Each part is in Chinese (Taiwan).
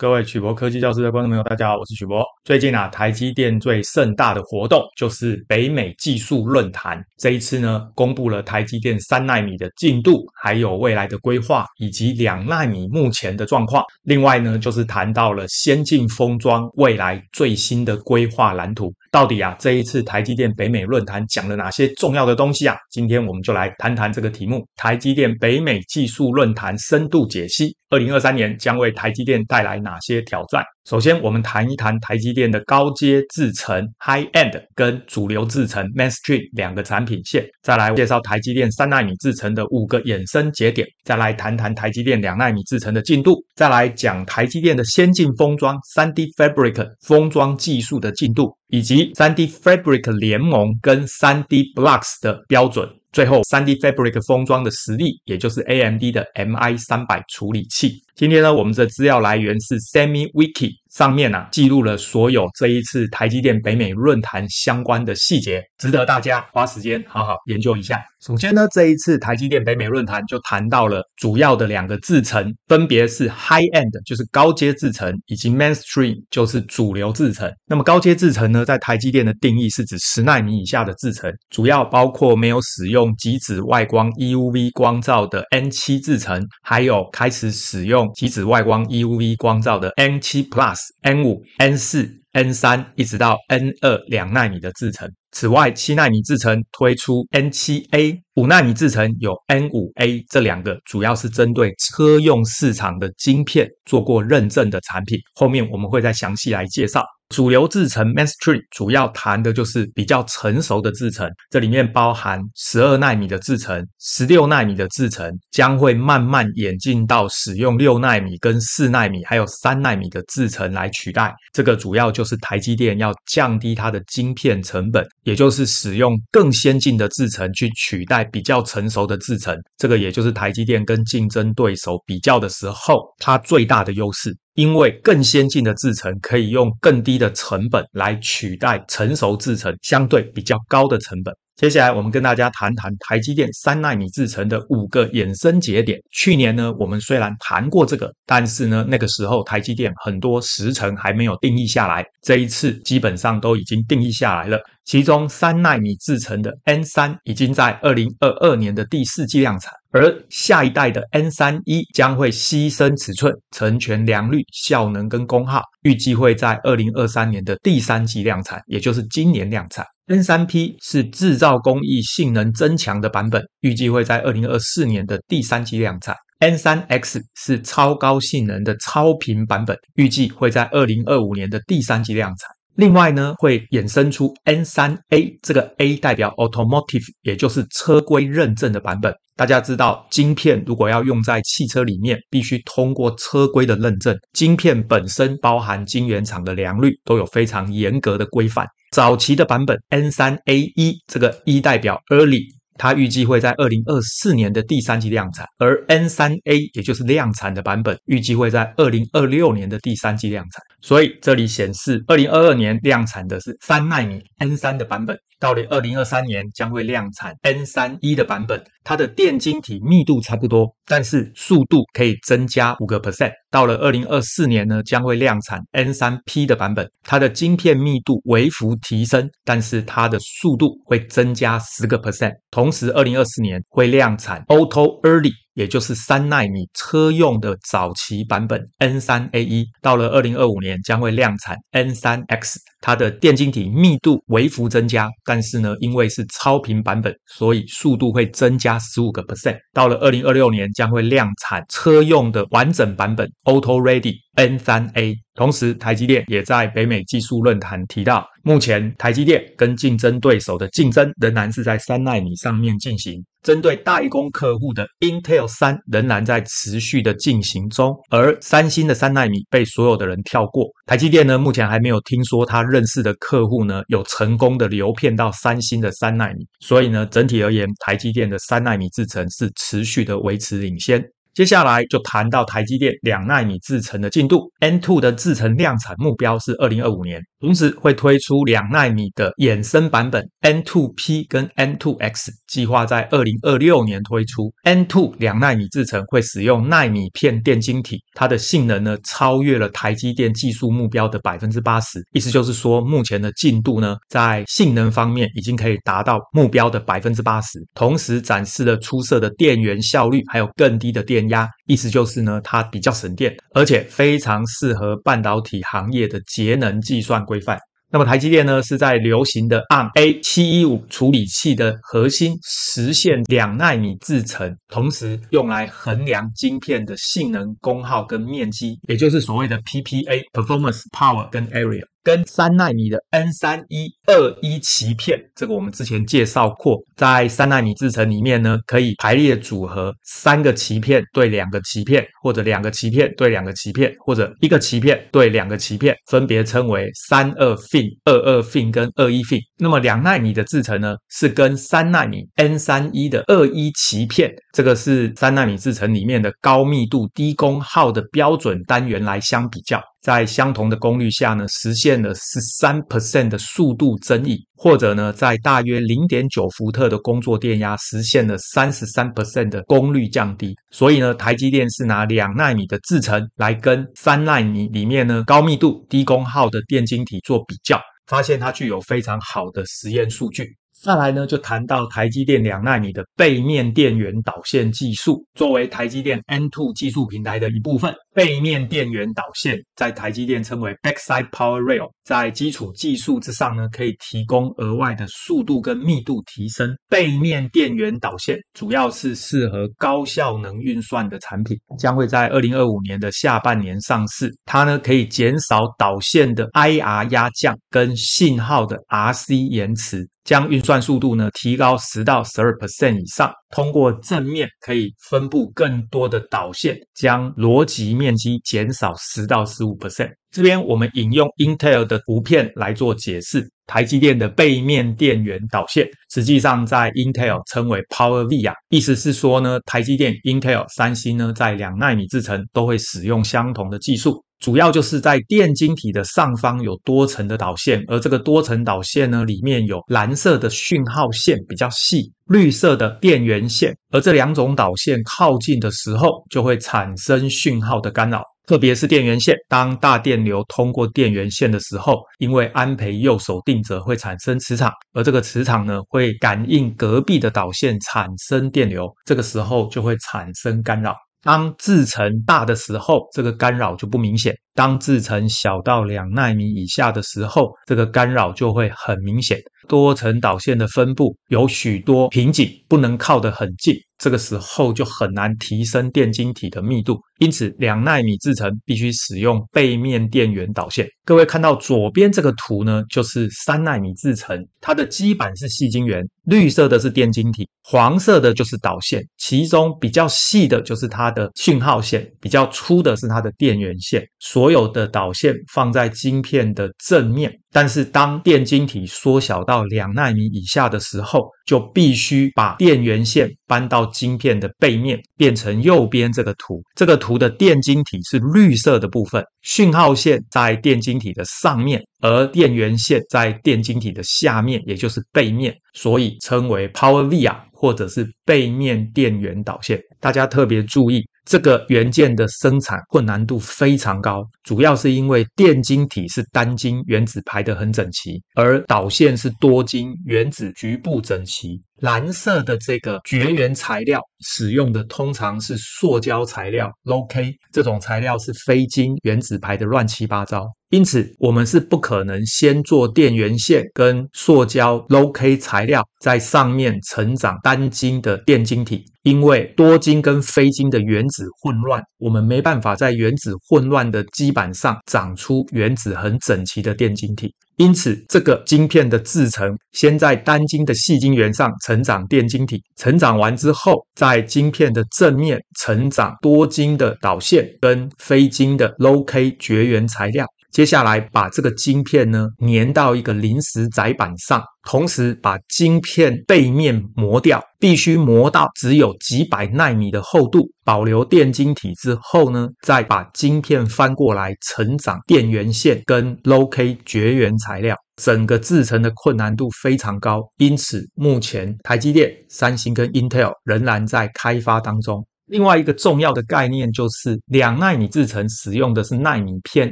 各位曲博科技教室的觀眾朋友，大家好，我是曲博。最近啊，台積電最盛大的活動就是北美技術論壇。這一次呢，公布了台積電三奈米的進度，還有未來的規劃，以及兩奈米目前的狀況。另外呢，就是談到了先進封裝未來最新的規劃藍圖。到底啊，這一次台積電北美論壇講了哪些重要的東西啊？今天我們就來談談這個題目。台積電北美技術論壇深度解析，2023年將為台積電帶來哪些挑戰？首先，我們談一談台積電的高階製程 （High End） 跟主流製程 （Mainstream） 兩個產品線，再來介紹台積電三奈米製程的五個衍生節點，再來談談台積電兩奈米製程的進度，再來講台積電的先進封裝 （3D Fabric） 封裝技術的進度，以及 3D Fabric 聯盟跟 3D Blocks 的標準。最後，3D Fabric 封裝的實例，也就是 AMD 的 MI300 處理器。今天呢，我們的資料來源是 SemiWiki。上面啊記錄了所有這一次台積電北美論壇相關的細節，值得大家花時間好好研究一下。首先呢，這一次台積電北美論壇就談到了主要的兩個製程，分別是 high end 就是高階製程，以及 mainstream 就是主流製程。那麼高階製程呢，在台積電的定義是指十納米以下的製程，主要包括沒有使用極紫外光 EUV 光照的 N 七製程，還有開始使用極紫外光 EUV 光照的 N 七 Plus。N 五、N 四、N 三，一直到 N 二兩納米的製程。此外，七納米製程推出 N 七 A，五納米製程有 N 五 A 這兩個，主要是針對車用市場的晶片做過認證的產品。後面我們會再詳細來介紹。主流製程，Mainstream 主要談的就是比較成熟的製程，這裡面包含十二奈米的製程、十六奈米的製程，將會慢慢演進到使用六奈米，跟四奈米，還有三奈米的製程來取代。這個主要就是台積電要降低它的晶片成本，也就是使用更先進的製程去取代比較成熟的製程。這個也就是台積電跟競爭對手比較的時候，它最大的優勢。因為更先進的制程可以用更低的成本來取代成熟制程相對比較高的成本。接下來我們跟大家談談台積電三奈米制程的五個衍生節點。去年呢，我們雖然談過這個，但是呢，那個時候台積電很多時程還沒有定義下來。這一次基本上都已經定義下來了。其中三奈米製程的 N 三已經在2022年的第四季量產，而下一代的 N 三 E 將會犧牲尺寸，成全良率、效能跟功耗，預計會在2023年的第三季量產，也就是今年量產。N 三 P 是製造工藝性能增強的版本，預計會在2024年的第三季量產。N 三 X 是超高性能的超頻版本，預計會在2025年的第三季量產。另外呢，會衍生出 N3A 這個 A 代表 Automotive，也就是車規認證的版本。大家知道，晶片，如果要用在汽車裡面，必須通過車規的認證。晶片本身包含晶圓廠的良率，都有非常嚴格的規範。早期的版本 N3A1 這個一 E 代表 Early。它預計會在二零二四年的第三季量產，而 N 三 A 也就是量產的版本，預計會在二零二六年的第三季量產。所以這裡顯示，二零二二年量產的是三奈米 N 三的版本。到了二零二三年，將會量產 N 三 E 的版本，它的電晶體密度差不多，但是速度可以增加五個 percent。到了二零二四年呢，將會量產 N 三 P 的版本，它的晶片密度微幅提升，但是它的速度會增加十個 percent。同時，二零二四年會量產 Auto Early。也就是三納米車用的早期版本 N 三 A 一，到了二零二五年將會量產 N 三 X，它的電晶體密度微幅增加，但是呢，因為是超頻版本，所以速度會增加十五個 percent。到了二零二六年將會量產車用的完整版本 Auto Ready N 三 A。同時，台積電也在北美技術論壇提到，目前台積電跟競爭對手的競爭仍然是在三納米上面進行。針對代工客戶的 Intel 三仍然在持續的進行中，而三星的三奈米被所有的人跳過。台積電呢，目前還沒有聽說他認識的客戶呢有成功的流片到三星的三奈米，所以呢，整體而言，台積電的三奈米製程是持續的維持領先。接下來就談到台積電兩奈米製程的進度。N2 的製程量產目標是二零二五年，同時會推出兩奈米的衍生版本 N2P 跟 N2X，計劃在二零二六年推出。N2 兩奈米製程會使用奈米片電晶體，它的性能呢超越了台積電技術目標的百分之八十，意思就是說目前的進度呢在性能方面已經可以達到目標的百分之八十，同時展示了出色的電源效率，還有更低的電。壓，意思就是呢，它比較省電，而且非常適合半導體行業的節能計算規範。那麼台積電呢，是在流行的 ARM A715 處理器的核心實現兩納米制程，同時用來衡量晶片的性能、功耗跟面積，也就是所謂的 PPA（Performance Power） 跟 Area。跟三奈米的 N 三一二一鰭片，這個我們之前介紹過，在三奈米制程裡面呢，可以排列組合三個鰭片對兩個鰭片，或者兩個鰭片對兩個鰭片，或者一個鰭片對兩個鰭片，分別稱為三二 fin、二二 fin 跟二一 fin。那麼兩奈米的制程呢，是跟三奈米 N 三一的二一鰭片，這個是三奈米制程裡面的高密度低功耗的標準單元來相比較。在相同的功率下呢，實現了十三 percent 的速度增益，或者呢，在大約零點九伏特的工作電壓，實現了三十三 percent 的功率降低。所以呢，台積電是拿兩奈米的製程來跟三奈米裡面呢，高密度、低功耗的電晶體做比較，發現它具有非常好的實驗數據。再來呢，就談到台積電兩奈米的背面電源導線技術，作為台積電 N two 技術平台的一部分。背面電源導線在台積電稱為 backside power rail，在基礎技術之上呢，可以提供額外的速度跟密度提升。背面電源導線主要是適合高效能運算的產品，將會在二零二五年的下半年上市。它呢可以減少導線的 IR 壓降跟信號的 RC 延遲，將運算速度呢提高十到十二 percent 以上。通過正面可以分布更多的導線，將邏輯面積減少十到十五 percent。這邊我們引用 Intel 的圖片來做解釋。台積電的背面電源導線，實際上在 Intel 稱為 PowerVia，意思是說呢，台積電、Intel、三星呢，在兩奈米製程都會使用相同的技術。主要就是在電晶體的上方有多層的導線，而這個多層導線呢，裡面有藍色的訊號線比較細，綠色的電源線，而這兩種導線靠近的時候，就會產生訊號的干擾。特別是電源線，當大電流通過電源線的時候，因為安培右手定則會產生磁場，而這個磁場呢，會感應隔壁的導線產生電流，這個時候就會產生干擾。當製程大的時候，這個干擾就不明顯。當製程小到兩納米以下的時候，這個干擾就會很明顯。多層導線的分布有許多瓶頸，不能靠得很近，這個時候就很難提升電晶體的密度。因此，兩納米製程必須使用背面電源導線。各位看到左邊這個圖呢，就是三納米製程，它的基板是矽晶圓，綠色的是電晶體，黃色的就是導線，其中比較細的就是它的訊號線，比較粗的是它的電源線。所所有的導線放在晶片的正面，但是當電晶體縮小到兩納米以下的時候，就必須把電源線搬到晶片的背面，變成右邊這個圖。這個圖的電晶體是綠色的部分，訊號線在電晶體的上面，而電源線在電晶體的下面，也就是背面，所以稱為 PowerVia 或者是背面電源導線。大家特別注意。這個元件的生產困難度非常高，主要是因為電晶體是單晶原子排得很整齊，而導線是多晶原子局部整齊。藍色的這個絕緣材料使用的通常是塑膠材料，Low K 這種材料是非晶，原子排的亂七八糟，因此我們是不可能先做電源線跟塑膠 Low K 材料在上面成長單晶的電晶體，因為多晶跟非晶的原子混亂，我們沒辦法在原子混亂的基板上長出原子很整齊的電晶體。因此，這個晶片的製程，先在單晶的矽晶圓上成長電晶體，成長完之後，在晶片的正面成長多晶的導線跟非晶的 Low K 絕緣材料。接下來把這個晶片呢粘到一個臨時載板上，同時把晶片背面磨掉，必須磨到只有幾百納米的厚度，保留電晶體之後呢，再把晶片翻過來成長電源線跟 Low-K 絕緣材料，整個製程的困難度非常高，因此目前台積電、三星跟 Intel 仍然在開發當中。另外一個重要的概念就是兩納米製程使用的是納米片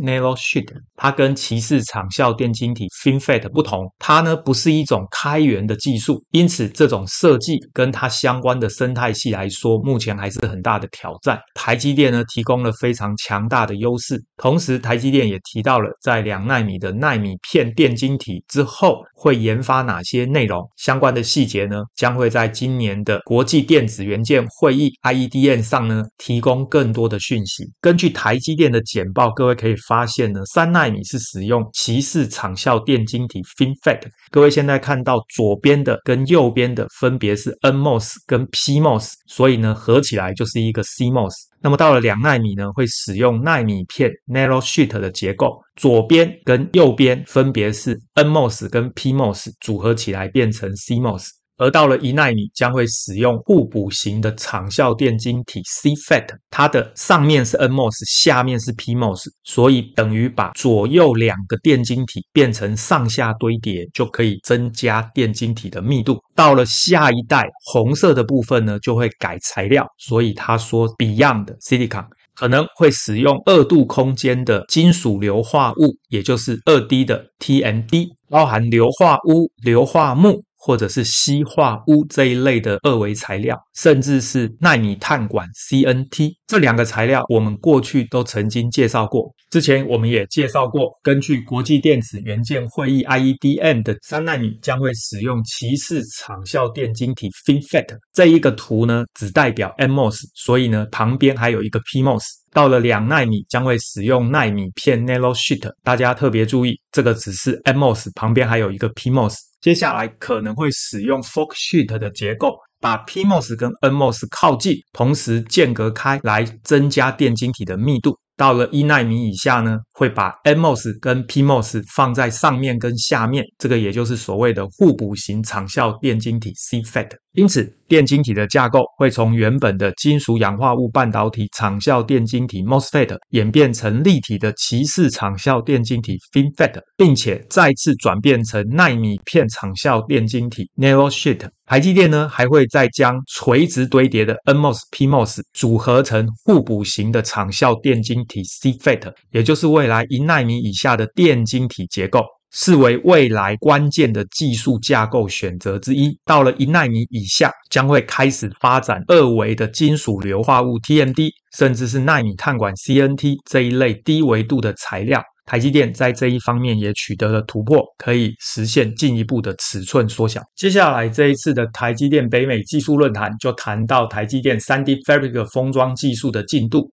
（nanosheet），它跟鰭式場效電晶體 （FinFET） 不同，它呢不是一種開源的技術，因此這種設計跟它相關的生態系來說，目前還是很大的挑戰。台積電呢提供了非常強大的優勢，同時台積電也提到了在兩納米的納米片電晶體之後會研發哪些內容，相關的細節呢將會在今年的國際電子元件會議 （IED）。驗上呢，提供更多的訊息。根據台積電的簡報，各位可以發現呢，三納米是使用鰭式場效電晶體 FinFET。各位現在看到左邊的跟右邊的，分別是 N MOS 跟 P MOS，所以呢，合起來就是一個 CMOS。那麼到了兩納米呢，會使用納米片 Narrow Sheet 的結構，左邊跟右邊分別是 N MOS 跟 P MOS 組合起來變成 CMOS。而到了一奈米，將會使用互補型的場效電晶體 CFET，它的上面是 N MOS，下面是 P MOS，所以等於把左右兩個電晶體變成上下堆疊，就可以增加電晶體的密度。到了下一代，紅色的部分呢，就會改材料。所以他說，Beyond 的 Silicon 可能會使用二度空間的金屬硫化物，也就是二 D 的 TMD，包含硫化鎢、硫化鉬。或者是硒化鎢這一類的二維材料，甚至是奈米碳管 CNT，這兩個材料，我們過去都曾經介紹過。之前我們也介紹過，根據國際電子元件會議 IEDM 的三奈米將會使用鰭式場效電晶體 FinFET，這一個圖呢，只代表 NMOS，所以呢，旁邊還有一個 PMOS。到了兩納米，將會使用納米片 nanosheet。大家特別注意，這個只是 nmos，旁邊還有一個 pmos。接下來可能會使用 fork sheet 的結構，把 pmos 跟 nmos 靠近，同時間隔開來增加電晶體的密度。到了一納米以下呢？會把 nMOS 跟 pMOS 放在上面跟下面，這個也就是所謂的互補型場效電晶體 CFET。因此，電晶體的架構會從原本的金屬氧化物半導體場效電晶體 MOSFET 演變成立體的鰭式場效電晶體 FinFET，並且再次轉變成奈米片場效電晶體 Nanosheet。台積電呢，還會再將垂直堆疊的 nMOS pMOS 組合成互補型的場效電晶體 CFET，也就是為未來一納米以下的電晶體結構視為未來關鍵的技術架構選擇之一。到了一納米以下，將會開始發展二維的金屬硫化物 TMD，甚至是納米碳管 CNT 這一類低維度的材料。台積電在這一方面也取得了突破，可以實現進一步的尺寸縮小。接下來這一次的台積電北美技術論壇就談到台積電 3D Fabric 封裝技術的進度。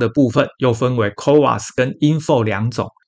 的部分又分為 CoWoS 跟 InFO 兩種。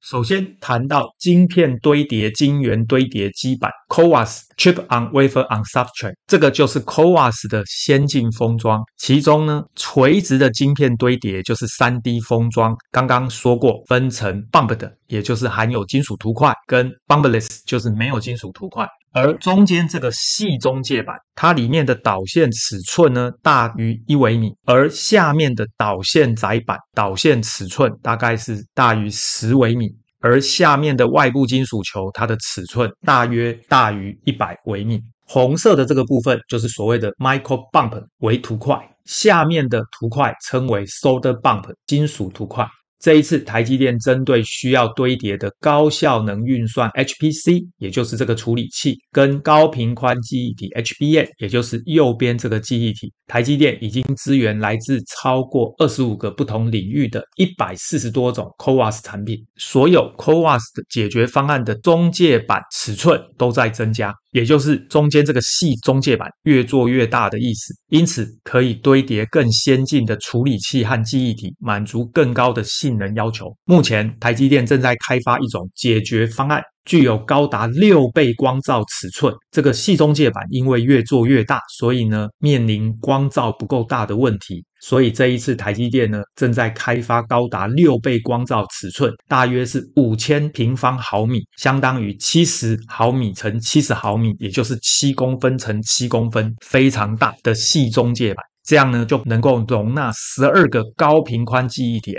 首先談到晶片堆疊、晶圓堆疊基板，CoWoS Chip on Wafer on Substrate，這個就是 CoWoS 的先進封裝。其中呢，垂直的晶片堆疊就是三 D 封裝。剛剛說過，分成 Bump 的。也就是含有金屬凸塊，跟 bumpless 就是沒有金屬凸塊。而中間這個細中介板，它裡面的導線尺寸呢，大於一微米，而下面的導線載板導線尺寸大概是大於十微米，而下面的外部金屬球，它的尺寸大約大於一百微米。紅色的這個部分就是所謂的 micro bump 微凸塊，下面的凸塊稱為 solder bump 金屬凸塊。這一次，台積電針對需要堆疊的高效能運算 HPC，也就是這個處理器，跟高頻寬記憶體 HBM，也就是右邊這個記憶體，台積電已經支援來自超過二十五個不同領域的一百四十多種 CoWoS 產品，所有 CoWoS 的解決方案的中介板尺寸都在增加。也就是中間這個細中介板越做越大的意思，因此可以堆疊更先進的處理器和記憶體，滿足更高的性能要求。目前，台積電正在開發一種解決方案，具有高達六倍光罩尺寸，這個矽中介板因為越做越大，所以呢面臨光罩不夠大的問題。所以這一次台積電呢正在開發高達六倍光罩尺寸，大約是五千平方毫米，相當於七十毫米乘七十毫米，也就是七公分乘七公分，非常大的矽中介板。這樣呢，就能夠容納十二個高頻寬記憶體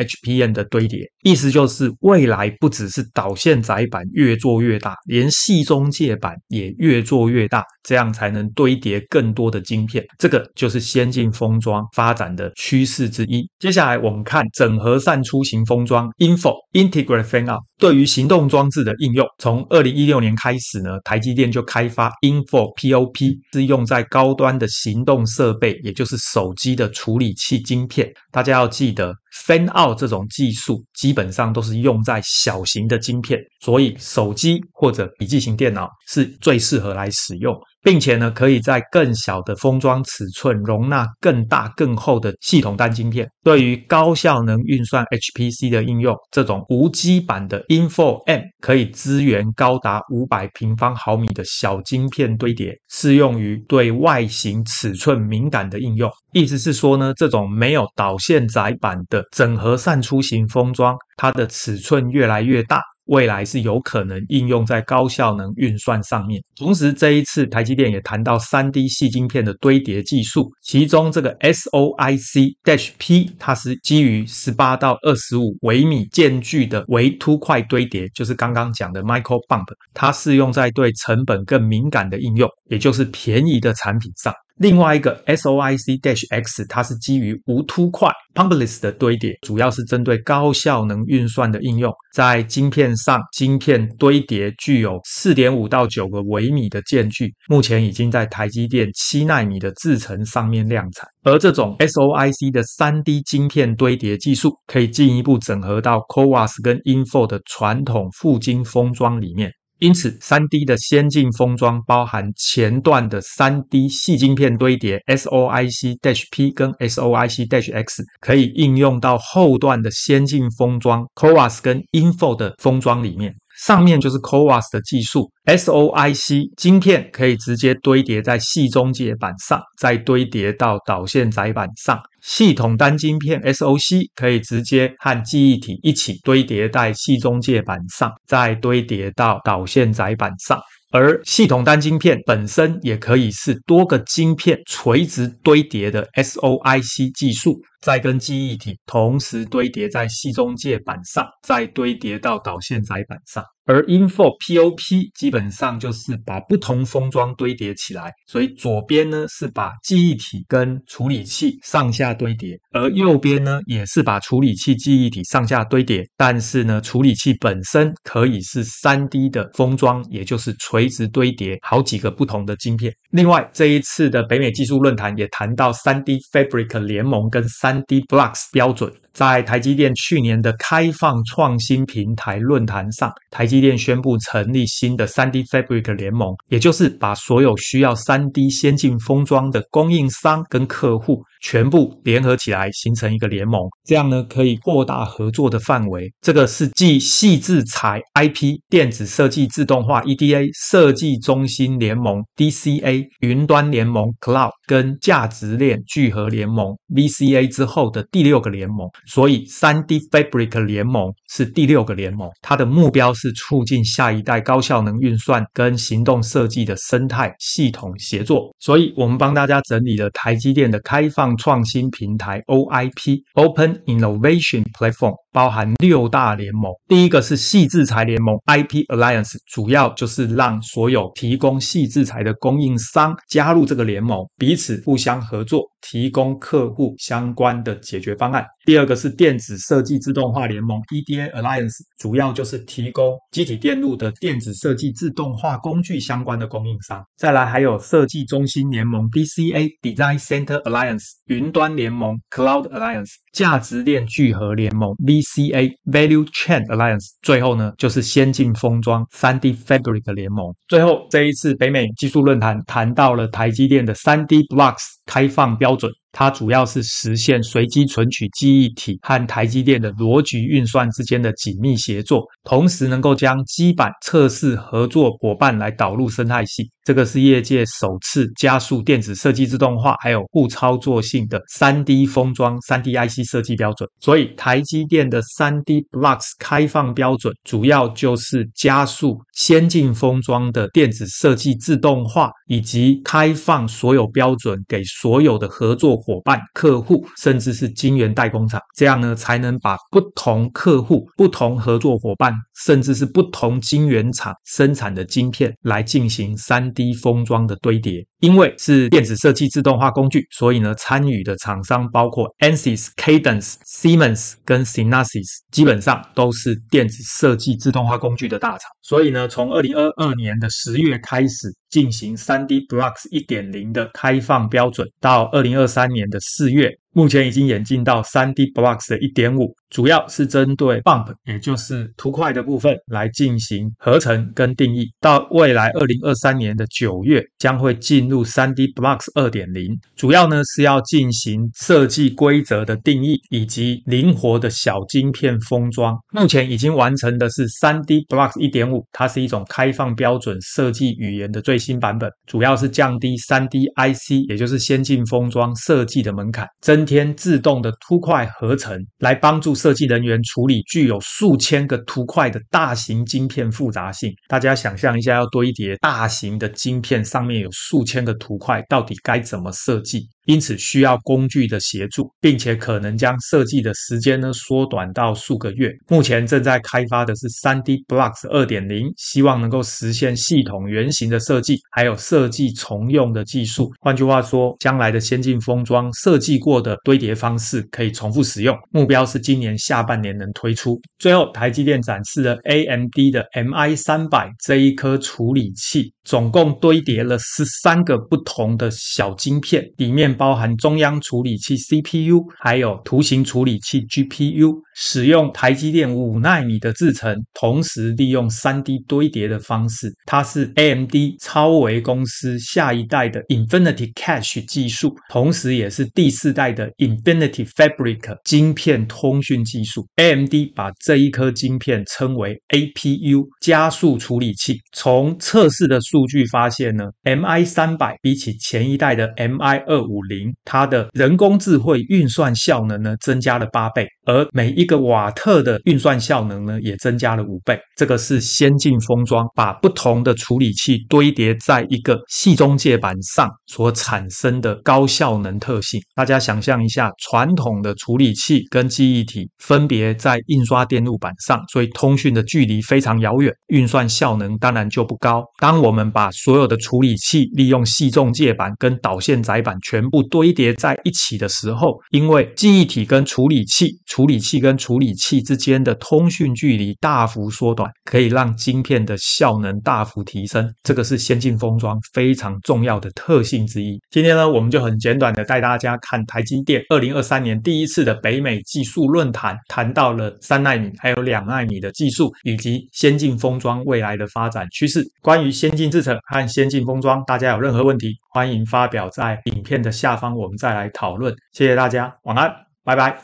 HBM 的堆疊。意思就是，未來不只是導線載板越做越大，連矽中介板也越做越大，這樣才能堆疊更多的晶片。這個就是先進封裝發展的趨勢之一。接下來我們看整合扇出型封裝 （InFO，Integrated Fan-Out）。Info, 對於行動裝置的應用，從二零一六年開始呢，台積電就開發 InFO POP，是用在高端的行動設備，也就是手機的處理器晶片。大家要記得。Fan out 這種技術基本上都是用在小型的晶片，所以手機或者筆記型電腦是最適合來使用，並且呢，可以在更小的封裝尺寸容納更大更厚的系統單晶片。對於高效能運算 HPC 的應用，這種無基板的 InFO M 可以支援高達五百平方毫米的小晶片堆疊，適用於對外形尺寸敏感的應用。意思是說呢，這種沒有導線載板的。整合扇出型封裝，它的尺寸越來越大，未來是有可能應用在高效能運算上面。同時，這一次台積電也談到 3D 矽晶片的堆疊技術，其中這個 SOIC-P 它是基於18到25微米間距的微凸塊堆疊，就是剛剛講的 micro bump，它適用在對成本更敏感的應用，也就是便宜的產品上。另外一個 SOIC dash X，它是基於無凸塊 （pumpless） 的堆疊，主要是針對高效能運算的應用，在晶片上晶片堆疊具有四點五到九個微米的間距，目前已經在台積電七納米的製程上面量產。而這種 SOIC 的 3D 晶片堆疊技術，可以進一步整合到 CoWoS 跟 InFO 的傳統覆晶封裝裡面。因此，3D 的先進封裝包含前段的 3D 矽晶片堆疊 SOIC-dash P 跟 SOIC-dash X，可以應用到後段的先進封裝 CoWoS 跟 InFO 的封裝裡面。上面就是 CoWoS 的技術，SoIC 晶片可以直接堆疊在矽中介板上，再堆疊到導線載板上。系統單晶片 SOC 可以直接和記憶體一起堆疊在矽中介板上，再堆疊到導線載板上。而系統單晶片本身也可以是多個晶片垂直堆疊的 SOIC 技術，再跟記憶體同時堆疊在矽中介板上，再堆疊到導線載板上。而 InFO POP 基本上就是把不同封裝堆疊起來，所以左邊呢是把記憶體跟處理器上下堆疊，而右邊呢也是把處理器、記憶體上下堆疊。但是呢，處理器本身可以是 3D 的封裝，也就是垂直堆疊好幾個不同的晶片。另外，這一次的北美技術論壇也談到 3D Fabric 聯盟跟 3D Blocks 標準。在台積電去年的開放創新平台論壇上，台積電宣佈成立新的 3D Fabric 聯盟，也就是把所有需要 3D 先進封裝的供應商跟客戶全部聯合起來，形成一個聯盟。這樣呢，可以擴大合作的範圍。這個是繼矽智財 IP、電子設計自動化 EDA、設計中心聯盟 DCA、雲端聯盟 Cloud 跟價值鏈聚合聯盟 VCA 之後的第六個聯盟。所以，3D Fabric 聯盟是第六個聯盟，它的目標是促進下一代高效能運算跟行動設計的生態系統協作。所以我們幫大家整理了台積電的開放創新平台 OIP（Open Innovation Platform），包含六大聯盟。第一個是矽智財聯盟 （IP Alliance），主要就是讓所有提供矽智財的供應商加入這個聯盟，彼此互相合作，提供客戶相關的解決方案。第二個是電子設計自動化聯盟 （EDA Alliance），主要就是提供基體電路的電子設計自動化工具相關的供應商。再來還有設計中心聯盟 v c a Design Center Alliance）、雲端聯盟 （Cloud Alliance）、價值鏈聚合聯盟 （VCA Value Chain Alliance）。最後呢，就是先進封裝 3D Fabric 聯盟。最後這一次北美技術論壇談到了台積電的 3D Blocks 開放標準。它主要是實現隨機存取記憶體和台積電的邏輯運算之間的緊密協作，同時能夠將基板測試合作夥伴來導入生態系。這個是業界首次加速電子設計自動化，還有互操作性的 3D 封裝、3D IC 設計標準。所以台積電的 3Dblox 開放標準，主要就是加速先進封裝的電子設計自動化，以及開放所有標準給所有的合作夥伴、客戶，甚至是晶圓代工廠。這樣呢，才能把不同客戶、不同合作夥伴，甚至是不同晶圓廠生產的晶片來進行 3D。低封裝的堆疊，因為是電子設計自動化工具，所以呢，參與的廠商包括 Ansys、Cadence、Siemens 跟 Synopsys，基本上都是電子設計自動化工具的大廠。所以呢，從二零二二年的十月開始進行 3Dblox 一點零的開放標準，到二零二三年的四月，目前已經演進到 3Dblox 的1.5，主要是針對 bump，也就是凸塊的部分來進行合成跟定義。到未來2023年的九月，將會進入 3Dblox 2.0，主要呢是要進行設計規則的定義以及靈活的小晶片封裝。目前已經完成的是 3Dblox 1.5，它是一種開放標準設計語言的最新版本，主要是降低 3D IC，也就是先進封裝設計的門檻，針天自動的凸塊合成，來幫助設計人員處理具有數千個凸塊的大型晶片複雜性。大家想象一下，要堆疊大型的晶片，上面有數千個凸塊，到底該怎麼設計？因此需要工具的協助，並且可能將設計的時間呢縮短到數個月。目前正在開發的是 3D Blocks 2.0，希望能夠實現系統原型的設計，還有設計重用的技術。換句話說，將來的先進封裝設計過的堆疊方式可以重複使用。目標是今年下半年能推出。最後，台積電展示了 AMD 的 MI300 這一顆處理器，總共堆疊了十三個不同的小晶片，裡面。包含中央處理器 CPU，還有圖形處理器 GPU。使用台積電五納米的製程，同時利用三 D 堆疊的方式，它是 AMD 超微公司下一代的 Infinity Cache 技術，同時也是第四代的 Infinity Fabric 晶片通訊技術。AMD 把這一顆晶片稱為 APU 加速處理器。從測試的數據發現呢，MI 三百比起前一代的 MI 二五零，它的人工智慧運算效能呢增加了八倍，而每一個瓦特的運算效能呢，也增加了五倍。這個是先進封裝，把不同的處理器堆疊在一個矽中介板上所產生的高效能特性。大家想象一下，傳統的處理器跟記憶體分別在印刷電路板上，所以通訊的距離非常遙遠，運算效能當然就不高。當我們把所有的處理器利用矽中介板跟導線載板全部堆疊在一起的時候，因為記憶體跟處理器，處理器跟處理器之間的通訊距離大幅縮短，可以讓晶片的效能大幅提升。這個是先進封裝非常重要的特性之一。今天呢，我們就很簡短的帶大家看台積電二零二三年第一次的北美技術論壇，談到了三奈米還有兩奈米的技術，以及先進封裝未來的發展趨勢。關於先進製程和先進封裝，大家有任何問題，歡迎發表在影片的下方，我們再來討論。謝謝大家，晚安，拜拜。